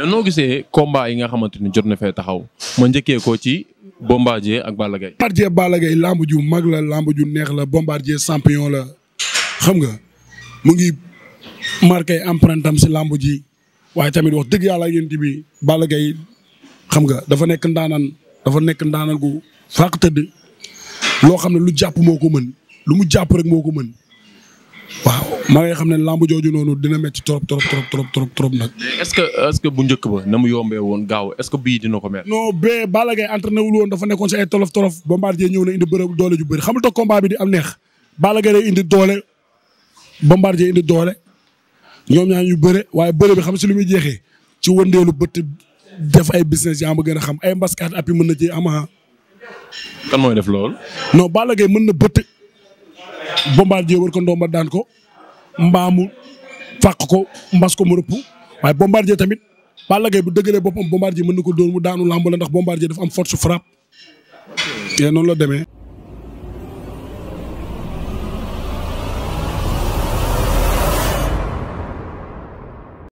mais noo gisee combat yi nga xamante ni jot na fee taxaw ma njëkkee ko ci Bombardier ak Balla Gaye. Bombardier Balla Gaye mag la lamb ju neex la Bombardier champion la xam nga mu ngi marqué empreinte am si lamb ji waaye tamit wax dëgg yàlla yéen bi Balla xam nga dafa nekk ndaanan dafa nekk ndaanan gu fàq tëdd loo xam ne lu jàpp moo ko mën lu mu jàpp rek moo ko mën waaw maa ngi xam ne lamb jooju noonu dina métti trop trop trop trop trop trop nag. est-ce que est-ce que bu njëkk ba na mu yombee woon gaaw est-ce que bii dina ko mel. non bee Balla Gaye entraîné wul woon dafa nekkoon si ay tolof tolof. Bombardier ñëw na indi bërëb doole ju bëri xam nga combat bi di am neex. Balla Gaye indi doole Bombardier indi doole ñoom ñaar ñu bëre waaye bëre bi xam si lu muy jeexee ci wëndeelu bët def ay business yaa ma gën a xam ay mbaskaat appui mën na ci ama ah. kan mooy def loolu. non Balla Gaye mën na bëtt Bombardier wër ko ndomba daan ko mu fàq ko mbas ko mu rëpp waaye bombardier tamit Balla Gaye bu dëgëree boppam bombardier mën na ko dóor mu daanu làmb la ndax bombardier dafa am force frappe te noonu loo demee.